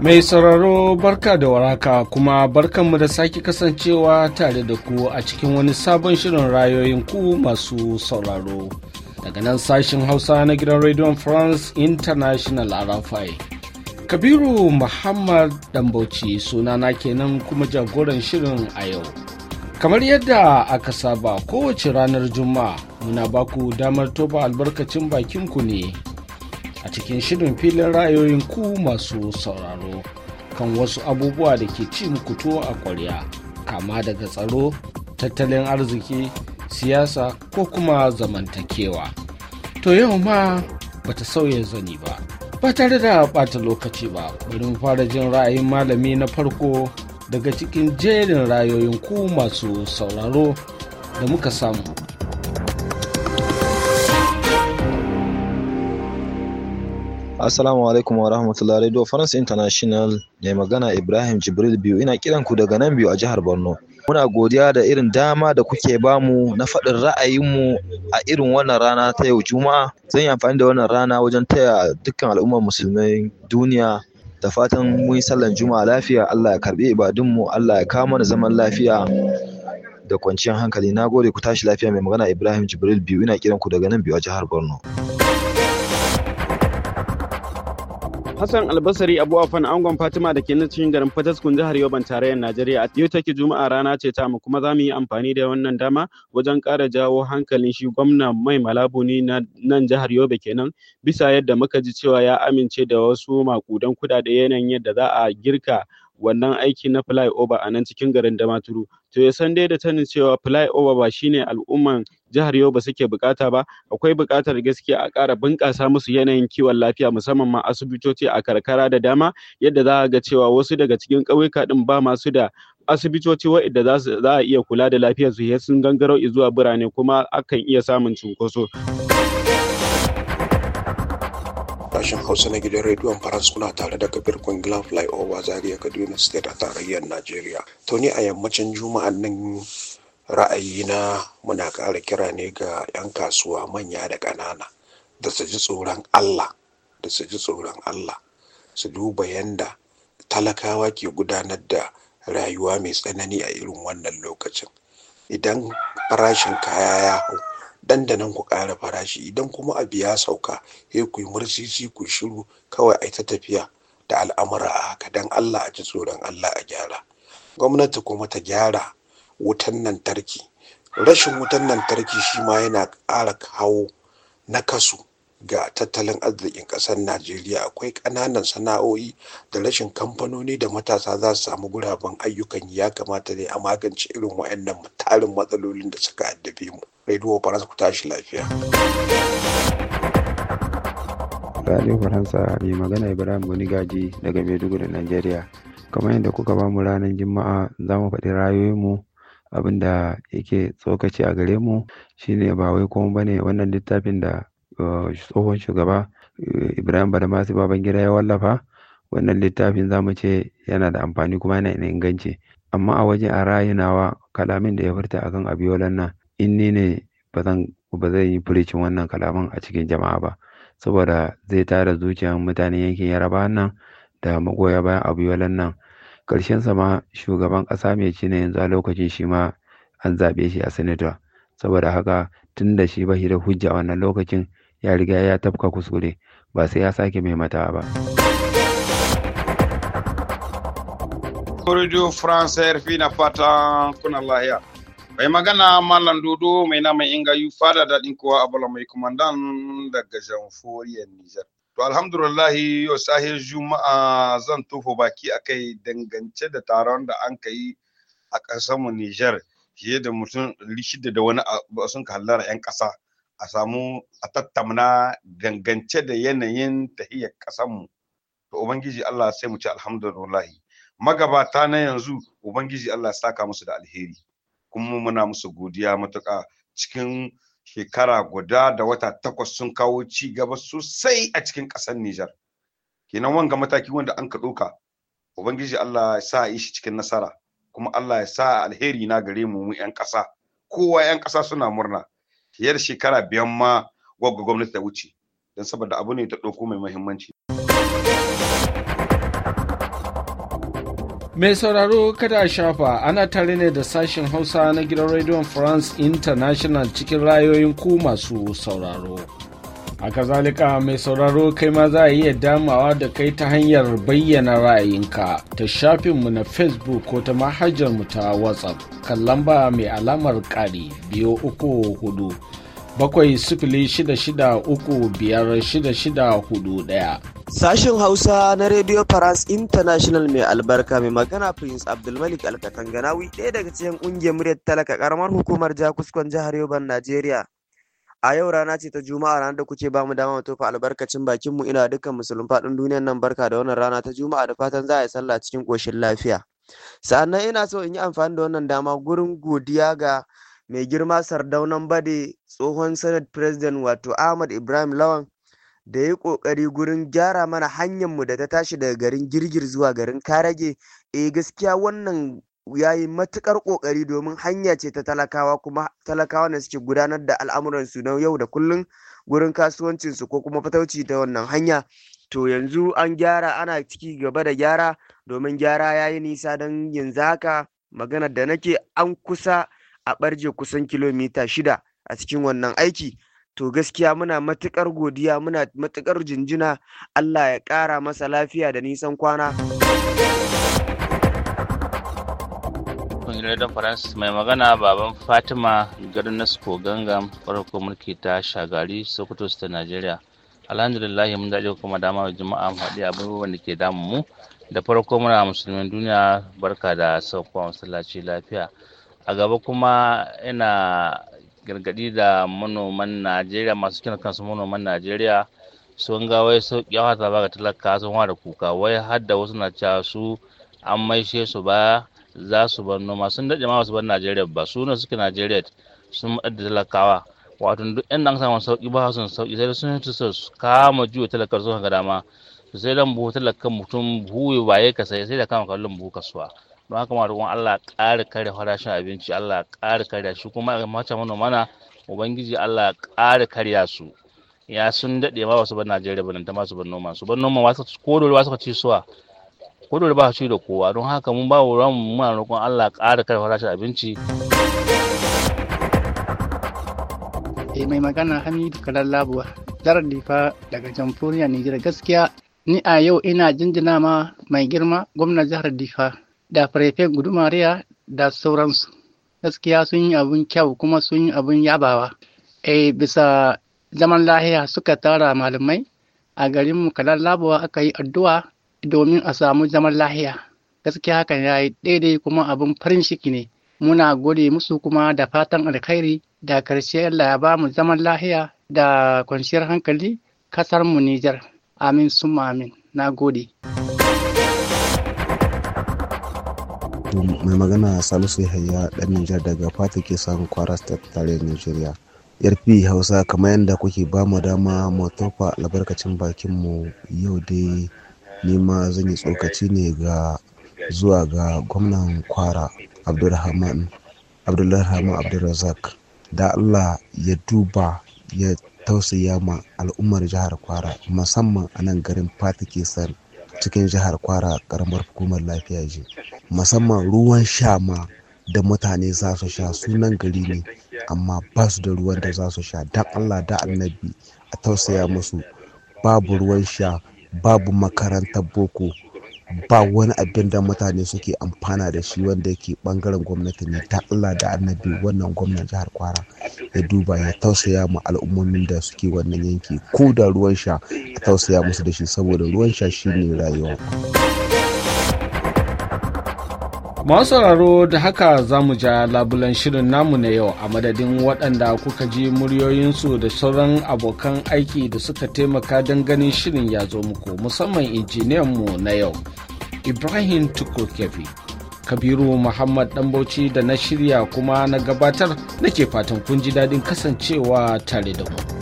Mai sauraro barka da waraka kuma barkanmu da sake kasancewa tare da ku a cikin wani sabon shirin rayoyin ku masu sauraro. Daga nan sashen Hausa na gidan Radio France International Arafai. Kabiru Muhammad Dambauci sunana kenan kuma jagoran shirin a yau. Kamar yadda aka saba kowace ranar Juma'a muna baku damar toba albarkacin bakin ku ne a cikin shirin filin ra'ayoyin ku masu sauraro kan wasu abubuwa da ke ci muku tuwo a ƙwarya kama daga tsaro tattalin arziki siyasa ko kuma zamantakewa to yau ma bata sauya zani ba ba tare da bata lokaci ba bari mu fara jin ra'ayin malami na farko daga cikin jerin rayoyin ku masu sauraro da muka samu Assalamu alaikum wa rahmatullah Radio France International mai magana Ibrahim Jibril biyu ina kiran ku daga nan biyu a jihar Borno. Muna godiya da irin dama da kuke bamu na faɗin ra'ayinmu a irin wannan rana ta yau Juma'a. Zan yi amfani da wannan rana wajen taya dukkan al'ummar musulmai duniya da fatan mun yi sallan Juma'a lafiya Allah ya karbi ibadunmu Allah ya kawo mana zaman lafiya da kwanciyar hankali. Na gode ku tashi lafiya mai magana Ibrahim Jibril biyu ina kiran ku daga nan biyu a jihar Borno. Hassan Albasari Abu Afan angon Fatima da ke nan cikin garin Fataskun jihar Yoban tarayyar Najeriya yau take Juma'a rana ce ta mu kuma za mu yi amfani da wannan dama wajen ƙara jawo hankalin shi gwamnan Mai Malabuni na nan jihar Yobe kenan bisa yadda muka ji cewa ya amince da wasu makudan kuɗaɗe yanayin yadda za a girka wannan aiki na flyover a nan cikin garin Damaturu to ya san dai da sanin cewa flyover ba shine al'umman jihar ba suke bukata ba akwai bukatar gaskiya a ƙara bunƙasa musu yanayin kiwon lafiya musamman ma asibitoci a karkara da dama yadda za ga cewa wasu daga cikin ƙauyuka din ba masu da asibitoci waɗanda za a iya kula da lafiyarsu sai sun gangaro zuwa birane kuma akan iya samun cunkoso. sashen hausa na gidan rediyon faransa kuna tare da kabir kwangila flyover zaria kaduna state a tarayyar najeriya to a yammacin juma'an nan na muna ƙara kira ne ga 'yan kasuwa manya da ƙanana da su ji tsoron allah da su ji tsoron allah su duba yadda talakawa ke gudanar da rayuwa mai tsanani a irin wannan lokacin idan farashin kaya ya hau dandanan ku ƙara farashi idan kuma abu ya sauka sai ku yi mursisi ku shiru kawai ai ta tafiya da al'amura a haka don allah a ji tsoron allah a gyara gwamnati kuma ta gyara wutan lantarki rashin wutan lantarki shi ma yana ƙara kawo nakasu ga tattalin arzikin ƙasar najeriya akwai ƙananan sana'o'i da rashin kamfanoni da matasa za su samu guraben ayyukan ya kamata ne a magance irin waɗannan tarin matsalolin da suka addabe mu rediyo faransa ku tashi lafiya Radio Faransa mai magana Ibrahim Bonigaji daga Maiduguri, Najeriya. Kamar yadda kuka ba mu ranar Juma'a za mu faɗi rayoyinmu abin da yake tsokaci a gare mu shine ba wai kuma bane wannan littafin da tsohon shugaba eh, ibrahim badamasi gida ya wallafa wannan littafin zamu ce yana da amfani kuma yana da inganci amma a waje a rayunawa kalamin da ya furta akan abiyolan nan in ni ne ba zan yi furicin wannan kalaman a cikin jama'a ba saboda zai tara zuciyar mutanen yankin yaraba nan da magoya bayan abiyolan nan karshen sa ma shugaban ƙasa mai ci na yanzu a lokacin shi ma an zaɓe shi a sanata, saboda haka tun da shi ba shi da hujja wannan lokacin ya riga ya tafka kuskure ba sai ya sake mai mata ba. Radio France RFI na fata kuna lahiya. Mai magana Malam Dodo mai naman Inga yu fada daɗin kowa a bala mai kumandan daga Jamforiyar Nijar. To alhamdulillahi yau sahir Juma'a zan tufo baki akai dangance da taron da an kai a ƙasarmu Nijar fiye da mutum shida da wani sun ka 'yan ƙasa. a samu a tattamna dangance da yanayin tahiyar ƙasanmu to ubangiji Allah sai mu ci alhamdulillahi magabata na yanzu ubangiji Allah saka musu da alheri kuma muna musu godiya matuƙa cikin shekara guda da wata takwas sun kawo ci gaba sosai a cikin ƙasar Nijar kenan wanga mataki wanda an ka ɗauka ubangiji Allah ya sa yi shi cikin nasara kuma Allah ya sa alheri na gare mu mu 'yan ƙasa kowa 'yan ƙasa suna murna fiyar shekara biyan ma gwagwa gwamnati ta wuce don saboda abu ne ta ɗauko mai mahimmanci Mai sauraro kada a shafa ana tare ne da sashen Hausa na gidan Radio France International cikin rayoyin ku masu sauraro. A kazalika, mai sauraro kai ma za a iya damawa da kai ta hanyar bayyana ra'ayinka ta shafinmu na facebook ko ta mu ta whatsapp kan lamba mai alamar ƙari biyu uku hudu bakwai sifili shida shida uku biyar shida shida hudu ɗaya Sashen Hausa na Radio paris International mai albarka mai magana Prince Abdulmalik Alkatanganawi ɗaya daga cikin ƙungiyar muryar talaka ƙaramar hukumar Jakuskon jihar Yoban Najeriya. A yau rana ce ta Juma'a ranar da kuke bamu mu dama mu tofa albarkacin bakin mu ina dukkan musulun fadin duniyar nan barka da wannan rana ta Juma'a da fatan za a yi sallah cikin koshin lafiya. Sa'annan ina so in yi amfani da wannan dama gurin godiya ga mai girma sardaunan bade tsohon senate president wato Ahmad Ibrahim Lawan da ya kokari gurin gyara mana hanyar mu da ta tashi daga garin girgir zuwa garin karage eh gaskiya wannan ya yi matuƙar ƙoƙari domin hanya ce ta talakawa kuma talakawa ne suke gudanar da al'amuransu na yau da kullum gurin kasuwancinsu ko kuma fatauci ta wannan hanya to yanzu an gyara ana ciki gaba da gyara domin gyara ya yi nisa don yanzu haka magana da nake an kusa a barje kusan kilomita shida a cikin wannan aiki to gaskiya muna matuƙar godiya muna matuƙar jinjina allah ya ƙara masa lafiya da nisan kwana sashen Iradon Faransa mai magana baban Fatima garin Nasko Gangam farko mulki ta Shagari Sokoto ta Najeriya. Alhamdulillah mun daɗe kuma dama wa jama'a mu haɗe abubuwan da ke damun mu. Da farko muna musulmin duniya barka da sauƙon masallaci lafiya. A gaba kuma ina gargaɗi da manoman Najeriya masu kina kansu manoman Najeriya sun ga wai sauƙi ta baka talaka sun da kuka wai har da wasu na cewa su an maishe su ba za su bar noma sun daɗe ma su bar najeriya ba su ne suke najeriya sun maɗar da talakawa wato duk yan an samu sauki ba su sauki sai sun fito su kama juya talakar sun ga dama su sai dan buhu talakan mutum buhu waye ka sai sai da kama kallon buhu kasuwa don haka ma roƙon Allah ƙara kare farashin abinci Allah ƙara kare shi kuma mata manoma na ubangiji Allah ƙara kare su ya sun daɗe ma ba su bar Najeriya ba nan ta ma su bar noma su bar noma wasu ko dole wasu ka ci suwa kudu ba su da kowa don haka mun ba wa mu muna roƙon Allah ƙara kai farashin abinci. Eh mai magana Hamidu Labuwa, jarar Difa daga Jamhuriyar Nijar gaskiya ni a yau ina jinjina ma mai girma gwamnan jihar Difa da gudu Gudumariya da sauransu. Gaskiya sun yi abun kyau kuma sun yi abun yabawa. Eh bisa zaman lahiya suka tara malamai a garinmu kalar labuwa aka yi addu'a domin a samu zaman lahiya gaskiya hakan ya yi daidai kuma abin farin ciki ne muna gode musu kuma da fatan alkhairi da karshe Allah ya ba mu zaman lahiya da kwanciyar hankali kasar mu Nijar amin sun amin na gode mai magana salisu yahaya dan nijar daga fata ke samun kwara state tare da nijeriya yarfi hausa kamar yadda kuke ba mu dama mu tofa albarkacin bakin mu yau dai ni ma zan yi tsokaci ne ga zuwa ga gwamnan kwara abdulrahman abdulrahman abdulrazak da allah ya duba ya tausaya ma al'ummar jihar kwara musamman a nan garin fatikisar cikin jihar kwara karamar hukumar lafiya ji musamman ruwan sha ma da mutane za su sha sunan gari ne amma ba su da ruwan da za su sha don allah da annabi a tausaya musu babu ruwan sha babu makarantar boko ba wani abin da mutane suke amfana da shi wanda yake bangaren gwamnati ne ta Allah da annabi wannan gwamnan jihar kwara ya duba ya tausaya mu al'ummomin da suke wannan yanki ko da ruwan sha a tausaya musu da shi saboda ruwan sha shi shine rayuwa. masu sauraro da haka za mu ja labulan shirin namu na yau a madadin waɗanda kuka ji muryoyinsu da sauran abokan aiki da suka taimaka don ganin shirin ya zo muku musamman injiniyanmu na yau ibrahim tukurkefi kabiru muhammad bauchi da na shirya kuma na gabatar nake fatan kun ji daɗin kasancewa tare da mu.